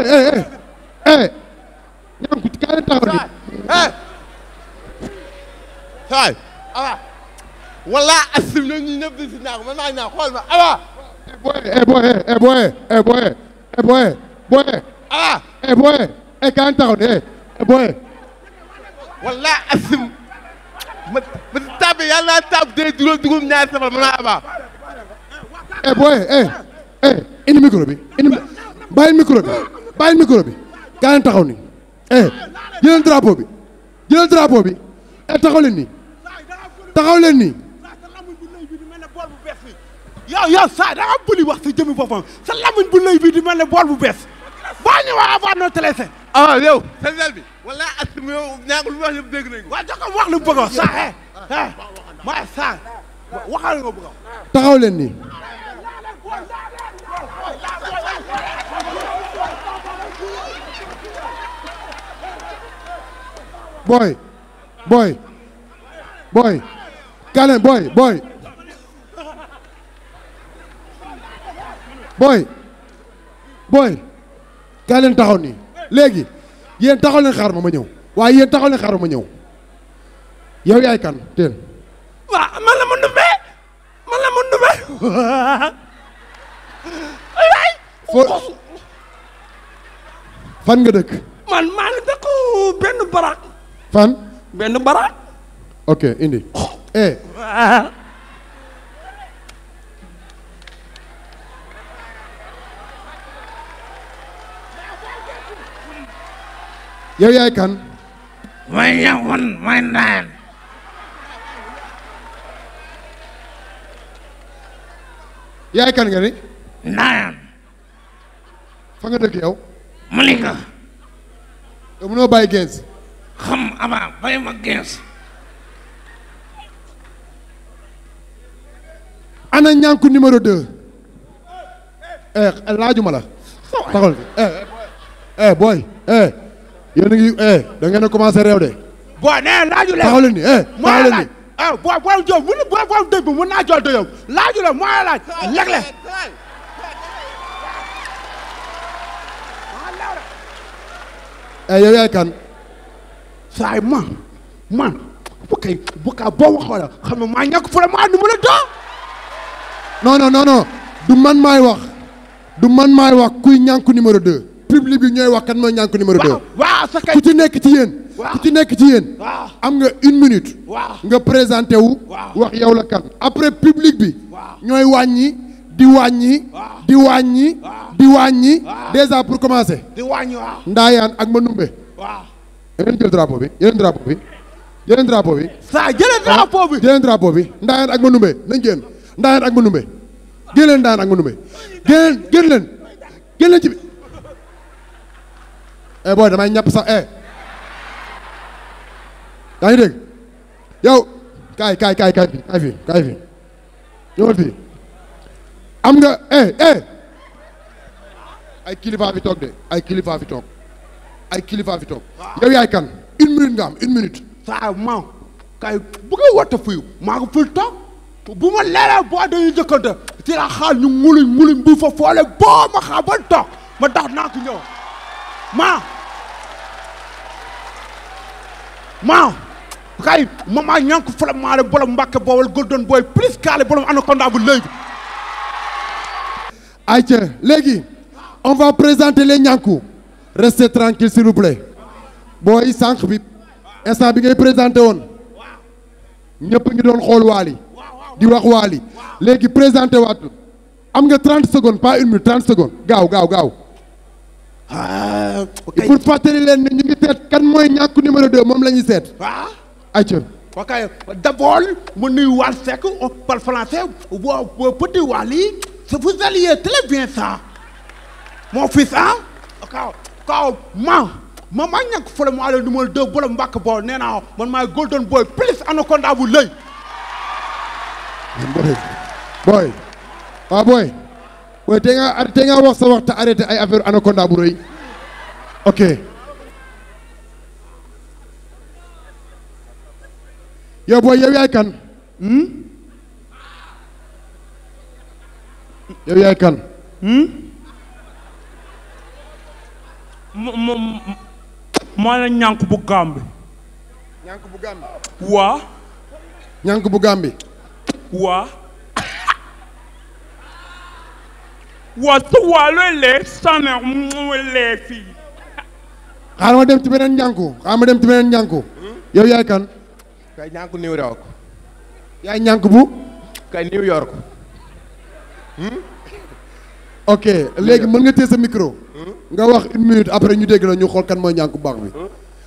eh eh eh ñanku ci kaay taxaw ni eh saay awa wala asim ñoom ñi ñëpp di si naa ko naa naa xool ma awa eh boye eh boye eh boye eh boye boye awa eh boye eh kaay taxaw ni eh boye wala asim ma ma naa tab de juróom juróom ñaari safar mën naa awa eh boye eh eh indi micro bi bi bàyyi micro bi gaa leen taxaw ni eh jëlal drapeau bi jëlal drapeau bi eh taxaw leen nii taxaw leen nii. yow yow saa da nga sa jëmmi boppam sa lamiñ bu lay bi di mel ne bool bu bees boo ñëwee avant noo télése. ah yow sa sel bi wala as yow ñaar lu wax yëpp dégg nañu ko. wax lu mu bëgg wax saa eh, eh bëgg a taxaw leen nii. booy booy booy kaale booy booy booy booy kaa leen taxaw nii léegi yéen taxaw leen xaar ma ma ñëw waaye yéen taxaw leen xaar ma ma ñëw yow yaay kan teen waa man la mu ndumbe man la mu ndumbe waay fan nga dëkk man maa ngi dëkku benn barak fan. benn baraak. ok indi. eh. yow yaay kan. may yàqoon may naan. yaay kan nga ni. naan. fa nga dëkk yow. Malika. yow mënoo bàyyi 15. xam avant bay ma gees ana ñànku numéro deux eh laajuma la taxal eh, eh eh booy eh yéen a ngi eh da ngeen a commencé réew de booy nee laaju la taxal ni eh taxal ni ah yaay kan saay man man bu kay bu kaa boo waxoo la xam ne maa ñàkk vraiment du ma la doo non non non non du man maay wax du man maay wax kuy ñànku numéro 2 public bi ñooy wax kan mooy ñànku numéro 2. waaw sa kay ku ci nekk ci yéen. ku ci nekk ci yéen. am nga une minute. nga présenté wu. wax yow la kan. après public bi. ñooy wàññi di wàññi. di wàññi. di wàññi. déjà pour commencer. di wàññi waaw. Ndaayaan ak ma waaw. yeneen bi yeneen drapeau bi yeneen bi. saa bi yeneen drapeau bi. booy damay ñàpp sax eh. yaa ngi dégg yow kaay kaay kaay kaay kaay ñëwal fii am nga eh eh ay kilifa fi toog de ay kilifa toog. ay kilifa fi toog. yow yaay kan une minute nga am une minute. saa ma kay bu ngay woote fuyu maa ful toog bu ma leeral boo dañuy jëkkante ci la xaal ñu nguluñ nguluñ bu fa boo ma xaar ban toog ma dox naa ko ñëw maa maa kay mama ñanku fala maale bolom mbàkke boowal golden boy plus kaale bolom anaconda bu léegi ayca léegi on va présenter les ñanku restez tranquille s'il vous plaît booy sànq bi instant bi ngay présenté woon ñëpp ngi doon xool waali di wax waali léegi présenté waatul am nga 30 secondes pas une minute 30 secondes gaaw gaaw gaaw. ah ok pour fàttali leen ne ñu ngi seet kan mooy ñàkk numéro de moom la ñuy seet. ah ayca. ok d'abord mu nuyu Wally Seck par français boo petit Wally vous alliez très bien kaw ma ma maa ñàkk fole mu ale numéro deux borom mbàkk bool nee naa man golden boy plus anaconda bu lëy boy waaw boy boy te nga te nga wax ay affaire anaconda rëy ok yow booy yow yaay kan hmm? yow yaay kan hmm? moom maanaam ñànk bu gambi bu gambi waa ñànk bu gàmbi waa waa su waa looy lee saneex mu lee fii xaaral ma dem ci beneen ñànku ma dem ci beneen ñànku yaay kan kay ñànku New York yaay ñànk bu kay New York hmm? ok léegi mën nga téye sa micro hmm? nga wax une minute après ñu dégg la ñu xool kan mooy ñànku baax bi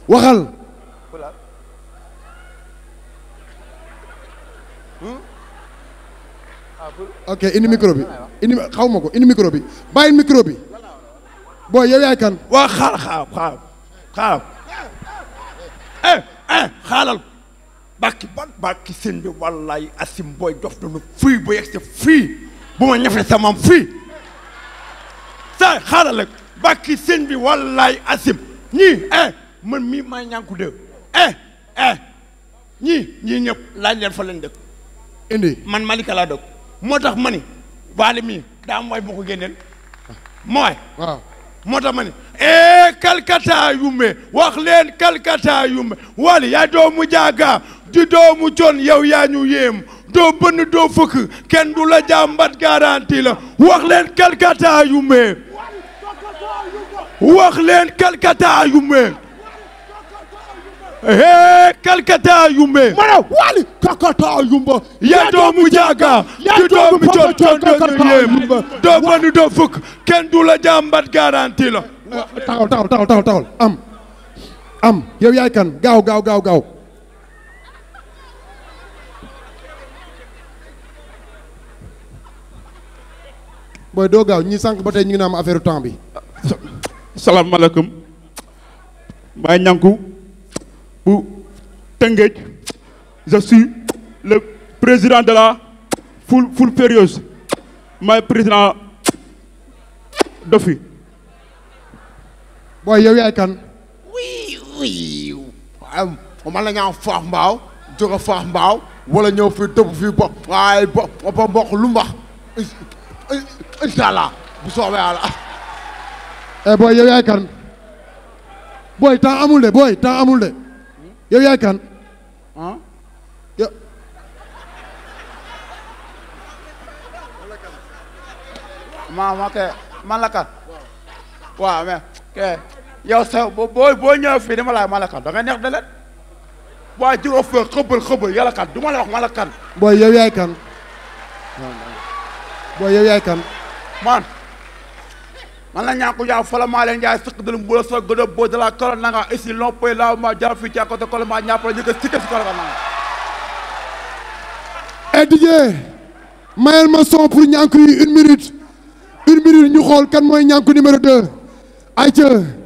waxal. ok indi micro bi xaw ma ko indi micro bi bàyyi micro bi booy yow yaay kan. waa xaar xaar bàkki bàkki seen bi wallaay asim booy dof nañu fii bu yegg fii bu ma ñafe sama fii. sa xaaral rek bàkki sëñ bi wallaay asim ñii eh man mi maay ñànku de eh eh ñii ñii ñëpp laaj leen fa leen dëkk man Malika laa dëkk moo tax mani ni waale mii daa am waay mooy moo tax ma ni eh kalkata yumbe wax leen kalkata yumbe jaaga di doomu coon yow yaa ñu doo bënn doo fëkk kenn du la jàmbat garanti la wax leen wax leen Calcata Yumbe hee Calcata Yumbe ma ne wali Calcata Yumbe ya doomu jaaga di doomu jot condo yéem doo banu doo fukk kenn du la jàmbat taxaw taxaw taxaw taxaw taxaw am am yow yaay kan gaaw gaaw gaaw gaaw booy doo gaaw ñi sànq ba tey ñu ngi naan affaire bi salaamaaleykum maay ñanku bu Tëngéej je suis le président de la foule foule furieuse maay président Dofi. booy yow yaay kan. oui oui. man la ñu am faax mbaaw jóge faax mbaaw wala ñëw fii tëb fii ba waaye ba ba mboq lu mbax incha allah bu soobee eh booy yow yaay kan booy temps amul de booy temps amul de yow yaay kan. maa ma kay man la kan. waaw mais kay yow sa boo boo ñëwee fii dama laay man la kan de leen. waa juróom fee xëbal xëbal yàlla du ma la booy yow yaay kan. booy yow yaay kan. man la ñaanku yaa fala maa leen yaay sëq dëlum bu la so gëdë boo de la kala laaw ma jam fii càkkote ma ñàppala ñu ko sikka si kala ka nanga e eh, Didier ma son pour ñaanku yi une minute une minute ñu xool kan mooy ñaanku numéro deux ayca